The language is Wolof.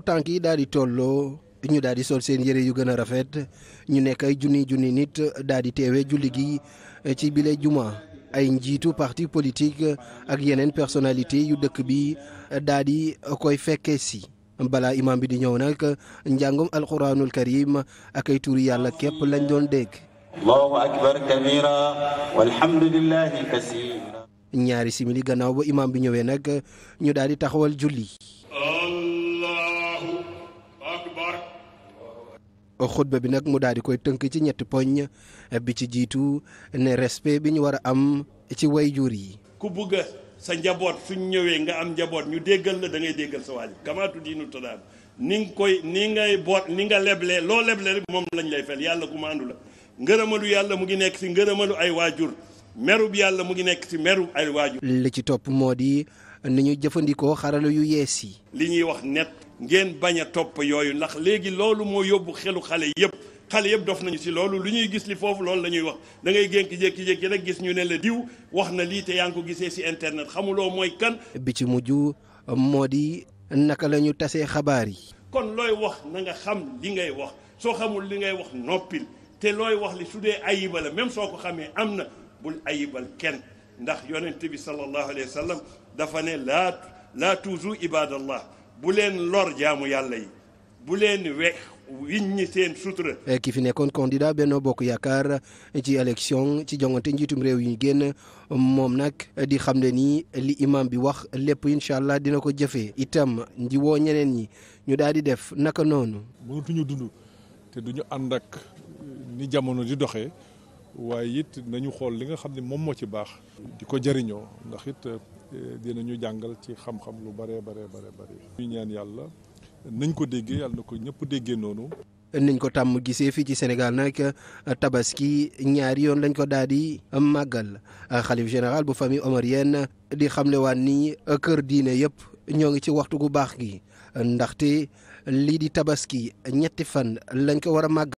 tànk yi daal di tolloo ñu daal di sol seen yére yu gën a rafet ñu nekk ay junni junni nit daal di teewe julli gi ci bile juma ay njiitu parti politique ak yeneen personnalité yu dëkk bi daal di koy fekkee si balaa imaam bi di ñëw nag njàngum alquranul karim ak ay tuuri yàlla képp lañ doon dégg. allahu akbar kabira walhamdulillahi kasira ñaari simili gannaaw ba imaam bi ñëwee nag ñu daal taxawal julli. xutba bi nag mu daal di koy tënk ci ñetti poñ bi ci jiitu ne respect bi ñu war a am ci way jur yi. ku bugg sa njaboot suñ ñëwee nga am njaboot ñu déggal la da ngay déggal sa waajur kamaatu diinu tadaam ni nga koy ni ngay boot ni nga leble loo leble rek moom lañ lay fel yàlla ku la ngërëmalu yàlla mu ngi nekk si ngërëmalu ay waajur merub yàlla mu ngi nekk si merub ay waajur. li ci topp moo di ni ñu jëfandikoo xarala yu yees yi. li ñuy wax net ngeen bañ a topp yooyu ndax léegi loolu moo yóbbu xelu xale yëpp xale yëpp dof nañu si loolu li ñuy gis li foofu loolu la ñuy wax da ki génk jékki-jékki nag gis ñu ne la diw wax na lii te yaa ngi ko gisee si internet xamuloo mooy kan. bi ci mujj moo di naka la ñu tasee xabaar yi. kon looy wax na nga xam li ngay wax soo xamul li ngay wax noppil te looy wax li su dee ayiba la même soo ko xamee am na bul ayibal kenn. ndax yonent bi sallallahu alayhi dafa ne laa laa tuuzu ibadallah bu leen lor jaamu yàlla yi bu leen wex wiññi seen sutura. Eh, ki fi nekkoon candidat benn Bokk Yaakaar ci élection ci jongante njiitum réew yi ñu génn moom nag di xam ne nii li imam bi wax lépp incha allah dina ko jëfee itam di woo ñeneen ñi ñu daal di def naka noonu. mënatuñu dund te duñu ànd ak ni jamono di doxe waaye it nañu xool li nga xam ne moom moo ci baax. di ko jëriñoo ndax it euh, ñu jàngal ci xam-xam lu bëree bare bëri. ñu ñaan yàlla nañ ko déggee yàlla na ko ñëpp déggee noonu. niñ ko tàmm gisee fii ci Sénégal nag euh, tabaski ñaari yoon lañ ko daal di màggal euh, xalif général bu famille omarienne di xam xamlewaat ni kër diine yëpp ñoo ngi ci waxtu gu baax gi ndaxte lii di tabaski ñetti fan lañ ko war màgg.